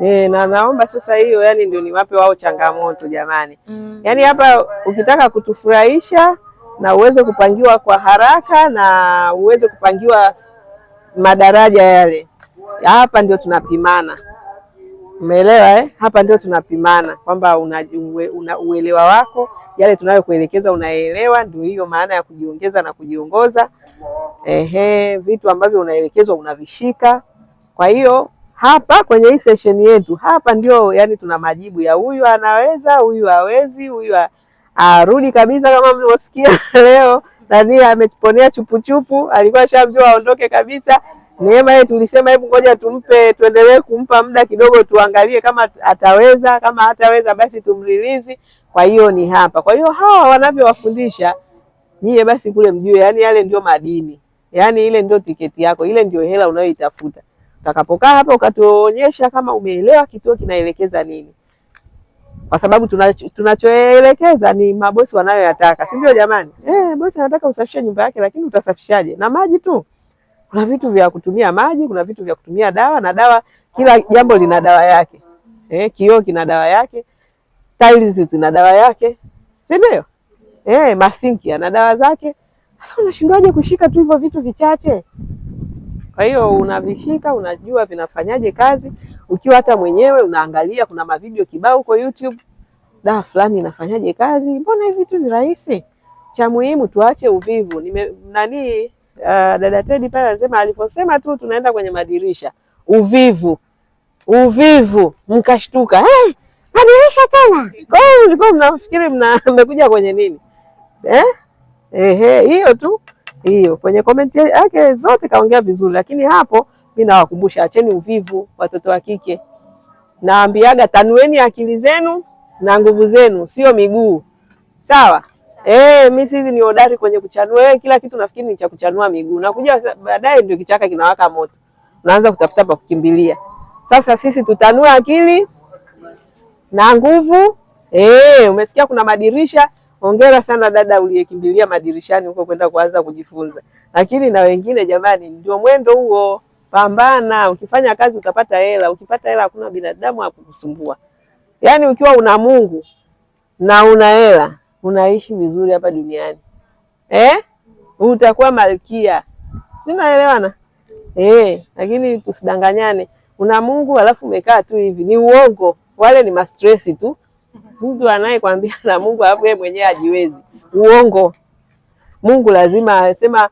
E, na naomba sasa hiyo yani ndio niwape wao changamoto jamani. Mm. Yaani hapa ukitaka kutufurahisha na uweze kupangiwa kwa haraka na uweze kupangiwa madaraja yale. Hapa ndio tunapimana. Umeelewa eh? Hapa ndio tunapimana kwamba una, una uelewa wako yale tunayokuelekeza unaelewa, ndio hiyo maana ya kujiongeza na kujiongoza. Ehe, vitu ambavyo unaelekezwa unavishika. Kwa hiyo hapa kwenye hii session yetu hapa ndio yani tuna majibu ya huyu anaweza, huyu hawezi, huyu arudi kabisa, kama mlivyosikia leo nani ametuponea chupuchupu, alikuwa shamjua aondoke kabisa. Neema yeye tulisema hebu ngoja tumpe, tuendelee kumpa muda kidogo, tuangalie kama ataweza. Kama hataweza basi tumrilizi. Kwa hiyo ni hapa. Kwa hiyo hawa wanavyowafundisha nyie, basi kule mjue, yani yale ndio madini, yani ile ndio tiketi yako, ile ndio hela unayoitafuta. Utakapokaa hapa ukatuonyesha kama umeelewa kituo kinaelekeza nini, kwa sababu tunachoelekeza tuna ni mabosi wanayoyataka, si ndio? Jamani eh, bosi anataka usafishe nyumba yake, lakini utasafishaje? Na maji tu, kuna vitu vya kutumia maji, kuna vitu vya kutumia dawa, na dawa, kila jambo lina dawa yake eh, kioo kina dawa yake, tiles zina dawa yake, si ndio? Eh, masinki yana dawa zake. Sasa unashindwaje kushika tu hivyo vitu vichache? Kwa hiyo unavishika, unajua vinafanyaje kazi, ukiwa hata mwenyewe unaangalia, kuna mavideo kibao huko YouTube da fulani inafanyaje kazi, mbona hivi tu ni rahisi. Cha muhimu tuache uvivu. Nime nani uh, dada Teddy pale anasema, aliposema tu tunaenda kwenye madirisha, uvivu uvivu, mkashtuka hey, eh, madirisha tena. Kwa hiyo mlikuwa mnafikiri mna mmekuja kwenye nini eh? Ehe, hiyo tu hiyo. Kwenye komenti yake zote kaongea vizuri, lakini hapo mimi nawakumbusha, acheni uvivu, watoto wa kike. Naambiaga tanueni akili zenu na nguvu zenu, sio miguu. Sawa? Eh, mimi sisi ni hodari kwenye kuchanua. Eh, kila kitu nafikiri ni cha kuchanua miguu. Nakuja baadaye ndio kichaka kinawaka moto. naanza kutafuta pa kukimbilia. Sasa sisi tutanua akili na nguvu. Eh, umesikia kuna madirisha Hongera sana dada uliyekimbilia madirishani huko kwenda kuanza kujifunza, lakini na wengine jamani, ndio mwendo huo. Pambana, ukifanya kazi utapata hela, ukipata hela hakuna binadamu akukusumbua. Yaani ukiwa una Mungu na una hela unaishi vizuri hapa duniani eh? Utakuwa malkia, sinaelewana eh? Lakini tusidanganyane, una Mungu alafu umekaa tu hivi, ni uongo. Wale ni mastresi tu mtu anayekwambia na Mungu alafu yeye mwenyewe ajiwezi, uongo. Mungu lazima asema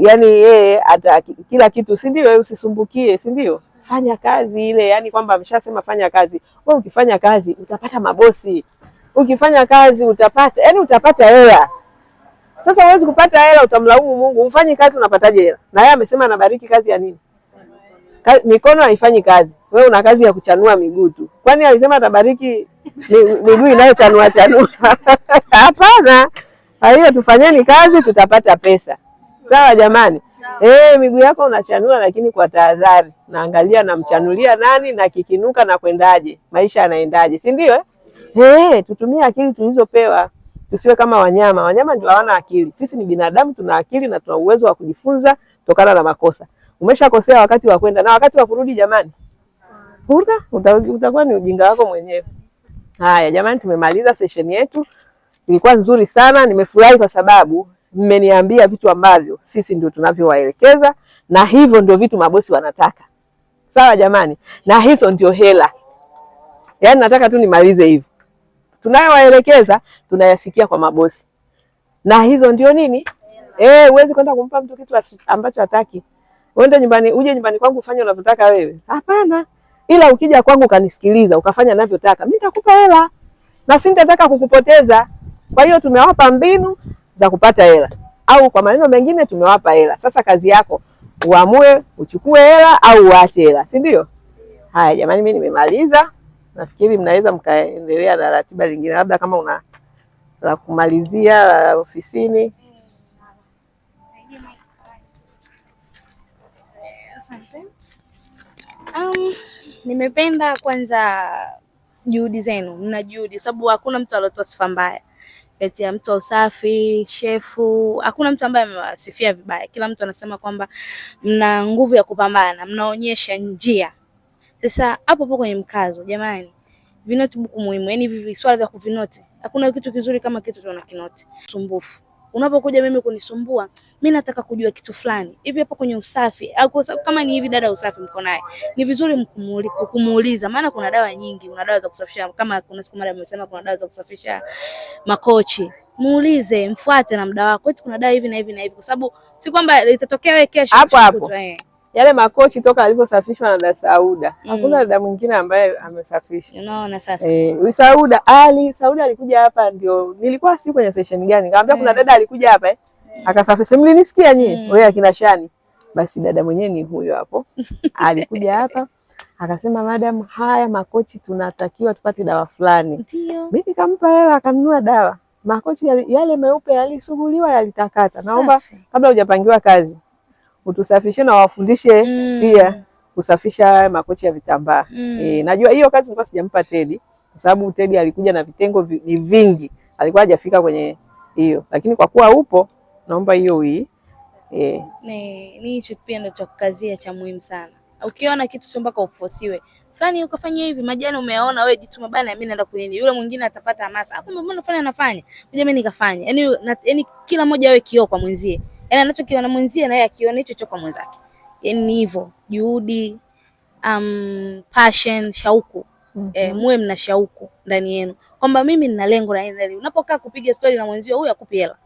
yani yeye hata kila kitu, si ndio? Wewe usisumbukie, si ndio? Fanya kazi ile, yani kwamba ameshasema fanya kazi. Wewe ukifanya kazi utapata mabosi, ukifanya kazi utapata yani utapata hela. Sasa huwezi kupata hela, utamlaumu Mungu. Ufanye kazi, unapataje hela? Na yeye amesema anabariki kazi ya nini? mikono haifanyi kazi, we una kazi ya kuchanua miguu tu. Kwani alisema atabariki miguu inayochanua chanua? Hapana. Kwa hiyo tufanyeni kazi, tutapata pesa. Sawa jamani? E, miguu yako unachanua, lakini kwa tahadhari, naangalia namchanulia nani na kikinuka na kwendaje, maisha yanaendaje, si ndio? Eh? eh, tutumie akili tulizopewa, tusiwe kama wanyama. Wanyama ndio hawana akili, sisi ni binadamu, tuna akili na tuna uwezo wa kujifunza kutokana na makosa umeshakosea wakati wa kwenda na wakati wa kurudi, jamani, utakuwa ni ujinga wako mwenyewe. Haya jamani, tumemaliza session yetu, ilikuwa nzuri sana. Nimefurahi kwa sababu mmeniambia vitu ambavyo sisi ndio tunavyowaelekeza, na hivyo ndio vitu mabosi wanataka. Sawa jamani, na hizo ndio hela. Yaani nataka tu nimalize hivyo, tunayowaelekeza tunayasikia kwa mabosi, na hizo ndio nini? Eh, huwezi kwenda kumpa mtu kitu ambacho hataki uende nyumbani, uje nyumbani kwangu ufanye unavyotaka wewe. Hapana, ila ukija kwangu kanisikiliza, ukafanya navyotaka, mimi nitakupa hela na sintataka kukupoteza. Kwa hiyo tumewapa mbinu za kupata hela, au kwa maneno mengine tumewapa hela. Sasa kazi yako uamue uchukue hela au uache hela, si ndio? Haya jamani, mimi nimemaliza. Nafikiri mnaweza mkaendelea na ratiba lingine, labda kama una la kumalizia la ofisini. Um, nimependa kwanza juhudi zenu, mna juhudi, sababu hakuna mtu aliotoa sifa mbaya kati ya mtu wa usafi, shefu, hakuna mtu ambaye amewasifia vibaya. Kila mtu anasema kwamba mna nguvu ya kupambana, mnaonyesha njia. Sasa hapo hapo kwenye mkazo, jamani, vinoti buku muhimu, yani hivi swala vya kuvinoti, hakuna kitu kizuri kama kitu tunakinoti sumbufu unapokuja mimi kunisumbua, mimi nataka kujua kitu fulani hivi hapo kwenye usafi au kama ni hivi dada usafi mko naye, ni vizuri kumuuliza, maana kuna dawa nyingi, kuna dawa za kusafisha, kama kuna siku mara amesema kuna dawa za kusafisha makochi muulize mfuate na mda wako, eti kuna dawa hivi na hivi na hivi, kwa sababu si kwamba itatokea wewe kesho hapo hapo. Eh yale makochi toka alivyosafishwa na da Sauda mm. hakuna dada mwingine ambaye amesafisha. Unaona sasa eh, Sauda Ali Sauda alikuja hapa, ndio nilikuwa si kwenye session gani, nikamwambia mm. kuna eh. dada alikuja hapa eh. eh, akasafisha. Mlinisikia nyie mm. wewe akina Shani? Basi dada mwenyewe ni huyo hapo alikuja hapa akasema, madam, haya makochi tunatakiwa tupate dawa fulani. Mimi nikampa hela akanunua dawa. Makochi yale meupe yalisuguliwa, yalitakata. Naomba kabla hujapangiwa kazi utusafishe na wafundishe mm. pia kusafisha makochi ya vitambaa mm. E, najua hiyo kazi nilikuwa sijampa Tedi kwa sababu Tedi alikuja na vitengo vi, ni vingi, alikuwa hajafika kwenye hiyo, lakini kwa kuwa upo, naomba hiyo ui e. ni hicho pia ndio cha kukazia cha muhimu sana. Ukiona kitu sio mpaka ufosiwe fulani ukafanya hivi, majani umeona wewe, jituma bana, mimi naenda kunini, yule mwingine atapata hamasa hapo, mbona fulani anafanya, mimi nikafanya, yani yaani kila mmoja awe kioo kwa mwenzie yani anachokiona mwenzie naye akiona hicho kwa mwenzake, yani ni hivyo juhudi, um, passion, shauku mm -hmm. E, muwe mna shauku ndani yenu kwamba mimi nina lengo la hili. Unapokaa kupiga stori na mwenzio, huyu hakupi hela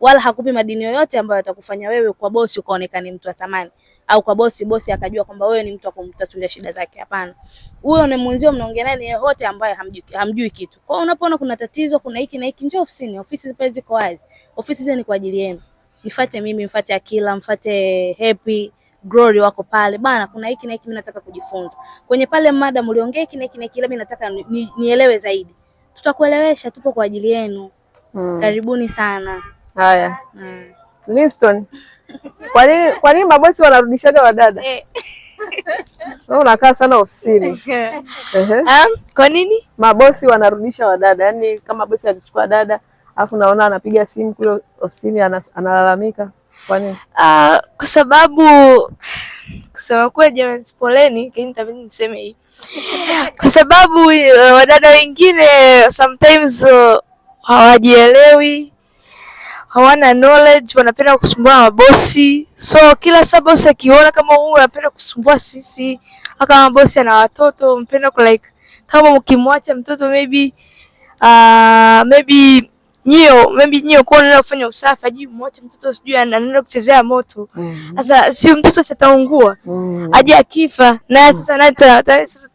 wala hakupi madini yoyote ambayo atakufanya wewe kwa bosi ukaonekana mtu wa thamani, au kwa bosi bosi akajua kwamba wewe ni mtu wa kumtatulia shida zake. Hapana, huyo ni mwenzio, mnaongea naye yote ambaye hamjui, hamjui kitu. Kwa hiyo unapoona kuna tatizo, kuna hiki na hiki, njoo ofisini. Ofisi zipo ziko wazi, ofisi zenu ni kwa ajili yenu nifate mimi, mfate Akila, mfate Happy Glory wako pale bana, kuna hiki na hiki mimi nataka kujifunza kwenye pale. mada mliongea hiki na hiki na hiki, mimi nataka ni, nielewe zaidi. Tutakuelewesha, tupo kwa ajili yenu mm. Karibuni sana. Haya mm. Winston, kwa nini kwa nini mabosi wanarudishaga wadada eh. wewe unakaa sana ofisini uh -huh. um, kwa nini mabosi wanarudisha wadada? Yaani kama bosi akichukua dada alafu naona anapiga simu kule ofisini analalamika nini? uh, kwa sababu kusema kuwa jamani, poleni, lakini tabidi niseme hii kwa sababu uh, wadada wengine sometimes uh, hawajielewi, hawana knowledge, wanapenda kusumbua mabosi. So kila saa bosi akiona kama huyu anapenda kusumbua sisi, aka mabosi ana watoto mpenda ku like, kama mkimwacha mtoto maybe uh, maybe nyio maybe nyio kwa nenda kufanya usafi, ajibu mwache mtoto sijui anaenda kuchezea moto mm. sasa. mm -hmm. Sio mtoto sataungua. mm -hmm. Aje akifa na mm. sasa na sasa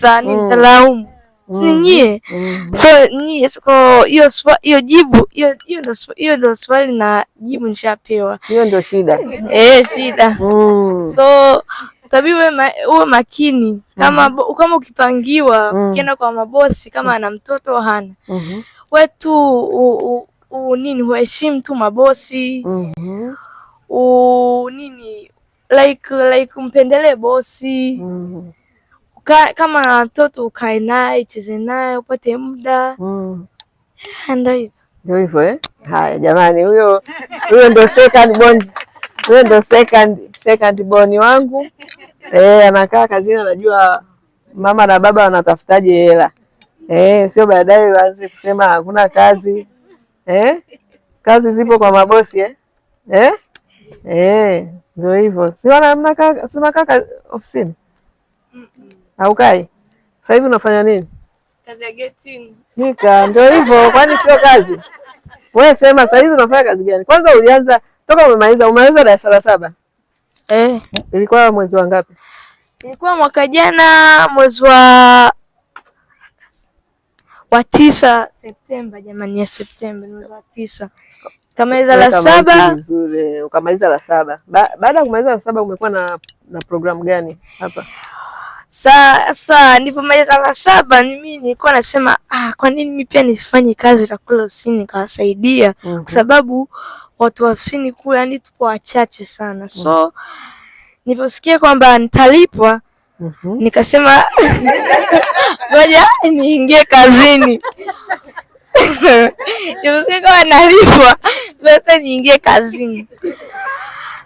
tani mm. talaumu ni nyie. mm -hmm. So nyie siko hiyo hiyo jibu hiyo hiyo ndio hiyo ndio swali na jibu nishapewa. Hiyo ndio shida eh, shida. mm -hmm. So tabii wewe ma, uwe makini kama mm -hmm. kama ukipangiwa mm -hmm. kwa mabosi kama ana mtoto hana mm -hmm wetu u, u, u, nini uheshimu tu mabosi mm -hmm. u, nini like like mpendelee bosi mm -hmm. Uka, kama mtoto ukae naye cheze naye upate muda ndo mhm. Ndio hivyo ndio hivyo eh? Haya jamani, huyo huyo ndo second born, huyo ndo second second born wangu eh, anakaa kazini, anajua mama na baba wanatafutaje hela eh, sio baadaye waanze kusema hakuna kazi eh? Kazi zipo kwa mabosi eh? Eh? Eh, ndio hivyo, si unakaa ofisini haukai? Sasa hivi unafanya nini? Kazi ya getting. Nika, ndio hivyo, kwani sio kazi? Wewe sema sasa hivi unafanya kazi gani? Kwanza ulianza toka umemaliza, umemaliza darasa la saba eh? Ilikuwa mwezi wa ngapi? Ilikuwa mwaka jana mwezi wa wa tisa Septemba. Jamani ya Septemba ni wa tisa, kamaliza la saba. Nzuri, ukamaliza la saba. Baada ya kumaliza la saba umekuwa na, na programu gani hapa? Sasa nilipomaliza la saba ni mimi nilikuwa nasema ah, kwa nini mimi pia nisifanye kazi la kule ofisini nikawasaidia, mm -hmm. kwa sababu watu wa ofisini kule yani tuko wachache sana, so mm -hmm. niliposikia kwamba nitalipwa -hmm. Nikasema ngoja niingie kazini kama nalipwa basi niingie kazini.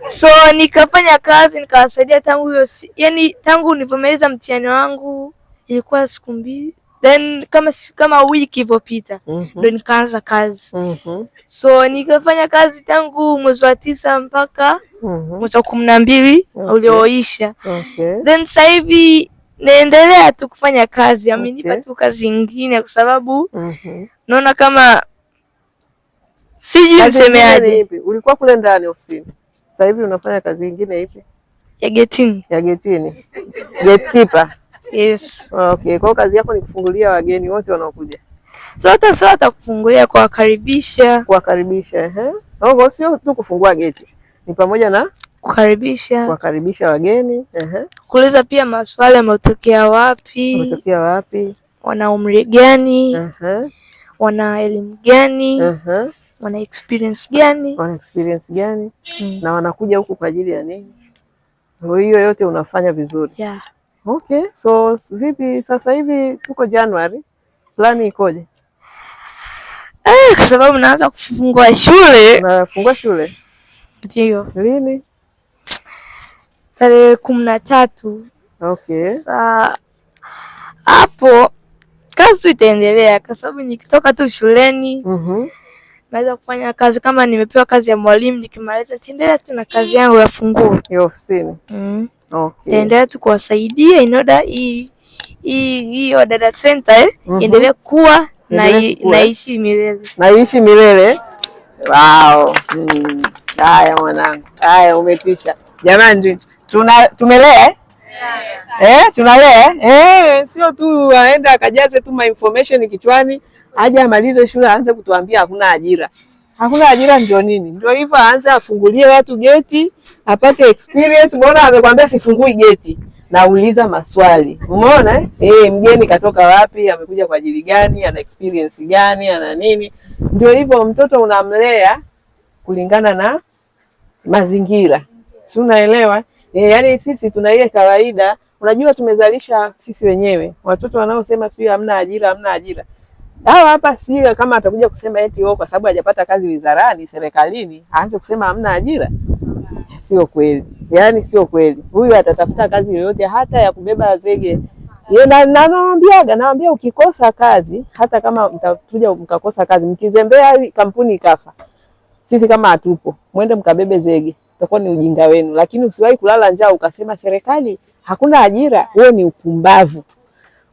So nikafanya kazi nikawasaidia tangu hiyo, yani tangu nilipomaliza mtihani wangu ilikuwa siku mbili then kama kama wiki ilivyopita ndo mm -hmm. nikaanza kazi mm -hmm. so nikafanya kazi tangu mwezi wa tisa mpaka mm -hmm. mwezi wa kumi na mbili okay. ulioisha okay. then sasa hivi naendelea tu kufanya kazi amenipa okay. tu kazi nyingine kwa sababu mm -hmm. naona kama sijui nisemeaje. Ulikuwa kule ndani ofisini, sasa hivi unafanya kazi nyingine ipi? ya getini, ya getini gatekeeper Yes. Okay, kwa kazi yako ni kufungulia wageni wote wanaokuja? So hata sio hata kufungulia, kuwakaribisha. Kuwakaribisha, ehe. Oh, sio tu kufungua geti. Ni pamoja na kukaribisha, kuwakaribisha wageni, ehe. Kuuliza pia maswali yametokea wapi? Wametokea wapi? Wana umri gani? Ehe. Wana elimu gani? Ehe. Wana experience gani? Wana experience gani? Mm. Na wanakuja huku kwa ajili ya nini? Hiyo yote unafanya vizuri. Yeah. Okay, so vipi sasa hivi tuko Januari, plani ikoje? Eh, kwa sababu naanza kufungua shule. Nafungua shule? Ndio. Lini? Tarehe kumi na tatu. Okay. Sasa hapo kazi tu itaendelea kwa sababu nikitoka tu shuleni mm -hmm. Naweza kufanya kazi kama nimepewa kazi ya mwalimu, nikimaliza nitaendelea tu na kazi yangu ya funguo ya ofisini. mm. Okay. tu kuwasaidia in order hii hii Oda Data eh, mm -hmm. Endelee kuwa na naishi eh. milele naishi milele. Wow. Hmm. mwanangu, haya umetisha jamani, tuna tumelea Eh, eh tunalea eh, sio tu aenda akajaze tu ma information kichwani, aje amalize shule aanze kutuambia hakuna ajira hakuna ajira ndio nini? Ndio hivyo, aanze afungulie watu geti apate experience. Mbona amekwambia sifungui geti? Nauliza maswali, umeona eh? E, mgeni katoka wapi? Amekuja kwa ajili gani? Ana experience gani? Ana nini? Ndio hivyo, mtoto unamlea kulingana na mazingira, si unaelewa? E, yaani sisi tuna ile kawaida, unajua tumezalisha sisi wenyewe watoto wanaosema sio, hamna ajira, hamna ajira Hawa hapa sijui kama atakuja kusema eti wao oh, kwa sababu hajapata kazi wizarani serikalini, aanze kusema hamna ajira. Sio kweli, yaani sio kweli. Huyu atatafuta kazi yoyote, hata ya kubeba zege. Nawaambiaga, nawaambia ukikosa kazi, hata kama mtakuja mkakosa kazi, mkizembea kampuni ikafa, sisi kama hatupo, mwende mkabebe zege, utakuwa ni ujinga wenu. Lakini usiwahi kulala njaa ukasema serikali hakuna ajira, huo ni upumbavu.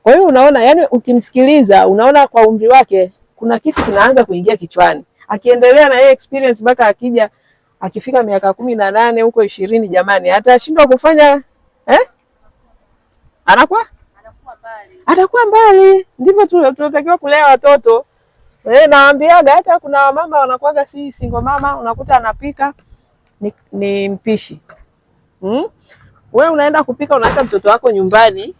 Kwa hiyo unaona, yani ukimsikiliza unaona kwa umri wake kuna kitu kinaanza kuingia kichwani, akiendelea na yeye experience mpaka akija akifika miaka kumi na nane huko ishirini, jamani, atashindwa kufanya eh? Anakuwa atakuwa mbali. Ndivyo tunatakiwa kulea watoto eh. Naambiaga hata kuna wamama wanakuwaga si single mama, unakuta anapika ni, ni mpishi hmm? We unaenda kupika, unaacha mtoto wako nyumbani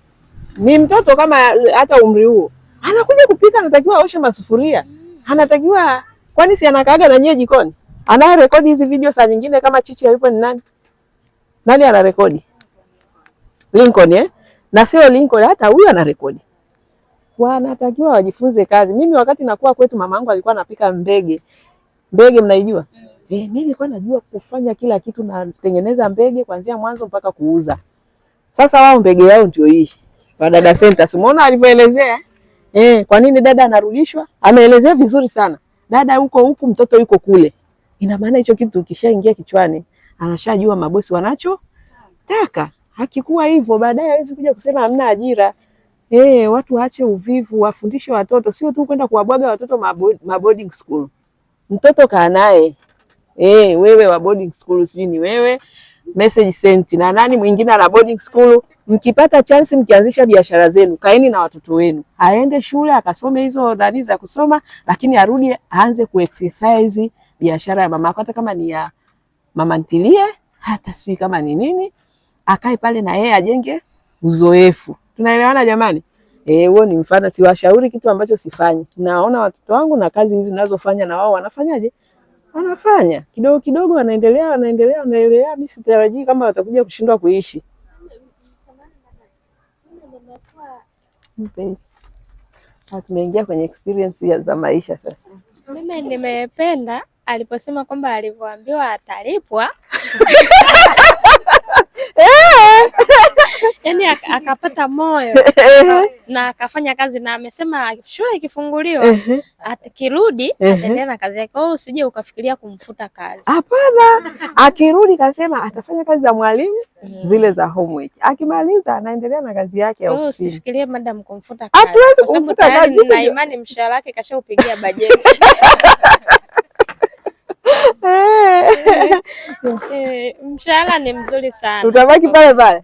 ni mtoto kama hata umri huo anakuja kupika, anatakiwa aoshe masufuria, anatakiwa kwani si anakaaga na nyie jikoni, anaye rekodi hizi video saa nyingine kama chichi hayupo ni nani? Nani ana rekodi? Lincoln eh? Na sio Lincoln, hata huyu ana rekodi. Wanatakiwa wajifunze kazi. Mimi wakati nakuwa kwetu mama yangu alikuwa anapika mbege. Mbege mnaijua? Mm. Eh, mimi nilikuwa najua kufanya kila kitu, na kutengeneza mbege kuanzia mwanzo mpaka kuuza. Sasa wao mbege yao ndio hii wa Dada Centers. Umeona alivyoelezea eh? eh, kwa nini dada anarudishwa? Ameelezea vizuri sana, dada huko huku, mtoto yuko kule. Ina maana hicho kitu kishaingia kichwani, anashajua mabosi wanacho taka. Hakikuwa hivyo, baadaye hawezi kuja kusema hamna ajira. Eh, watu waache uvivu, wafundishe watoto, sio tu kwenda kuwabwaga watoto ma boarding school. Mtoto kaa naye eh, wewe wa boarding school sijui ni wewe message sent na nani mwingine ana boarding school. Mkipata chance, mkianzisha biashara zenu, kaeni na watoto wenu, aende shule akasome hizo nani za kusoma, lakini arudi aanze ku exercise biashara ya mama hata kama ni ya mama ntilie, hata sijui kama ni nini, akae pale na yeye ajenge uzoefu. Tunaelewana jamani? Eh, huo ni mfano, siwashauri kitu ambacho sifanyi. Naona watoto wangu na kazi hizi ninazofanya na wao wanafanyaje? wanafanya kidogo kidogo, wanaendelea wanaendelea wanaendelea. Mimi sitarajii kama watakuja kushindwa kuishi. Ah, tumeingia kwenye experience za maisha sasa. Mimi nimependa aliposema kwamba alivyoambiwa atalipwa eh! yani akapata moyo na akafanya kazi, na amesema shule ikifunguliwa akirudi ataendelea na kazi yake. Oh, usije ukafikiria kumfuta kazi, hapana. Akirudi kasema atafanya kazi za mwalimu zile za homework, akimaliza anaendelea na kazi yake. Oh, usifikirie madam kumfuta kazi, hatuwezi kumfuta kazi na imani, mshahara wake kashaupigia bajeti eh, mshahara ni mzuri sana, utabaki pale pale.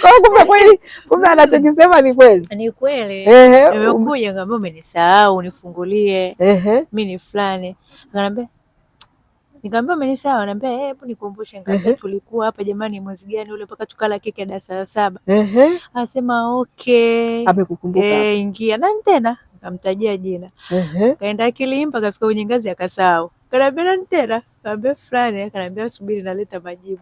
Kwa kumbe kweli, kumbe anachokisema ni kweli, ni kweli. Nimekuja ngambia umenisahau, unifungulie mimi ni fulani, akaniambia Nikamwambia umenisahau, anambia eh, hebu nikumbushe ngaka tulikuwa hapa jamani mwezi gani ule mpaka tukala keki ya darasa la saba. Ehe. Anasema okay. Amekukumbuka. Eh, ingia na tena nikamtajia jina. Ehe. Kaenda Kilimba kafika kwenye ngazi akasahau. Kaniambia tena. Kaambia fulani, akaniambia subiri, naleta majibu.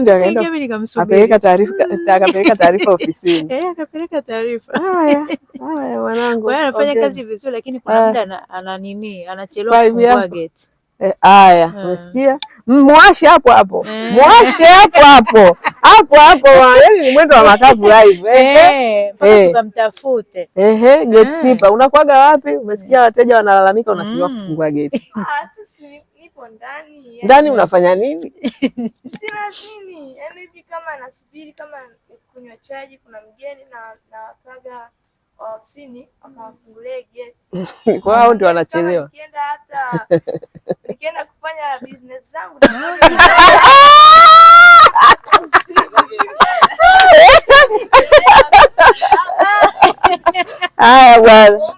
ndio akaenda mimi nikamsubiri, akapeleka taarifa, mm. akapeleka taarifa ofisini. Eh, akapeleka taarifa. Haya, haya mwanangu, wewe kazi vizuri, lakini kuna muda ana nini, anachelewa kufungua gate. Eh, haya, eh. Mwashe hapo hapo, eh. mwashe hapo hapo, hapo hapo, yaani ni mwendo wa makapu live. tukamtafute. Ehe, gatekeeper wapi? Umesikia wateja wanalalamika, unashindwa mm. kufungua Yupo ndani. Ndani unafanya nini? Sina nini. hivi kama nasubiri kama kunywa chaji, kuna mgeni na na kaga ofisini akawafungulia geti. Kwa hao ndio wanachelewa. Nikienda hata nikienda kufanya business zangu. Haya bwana.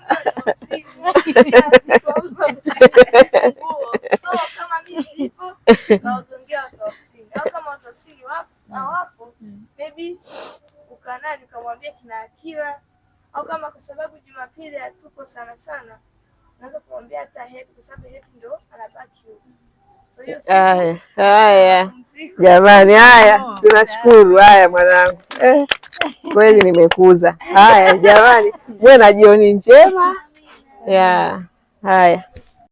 Kawaongea watu wa au kama watu wa hawapo, maybe nikamwambia kina Akila au kama kwa sababu Jumapili hatuko sana sana, naweza kumwambia hata Hepi kwa sababu Hepi ndo anabaki haya jamani, haya tunashukuru. Haya mwanangu, eh, kweli nimekuza. Haya jamani, mwe na jioni njema ya haya.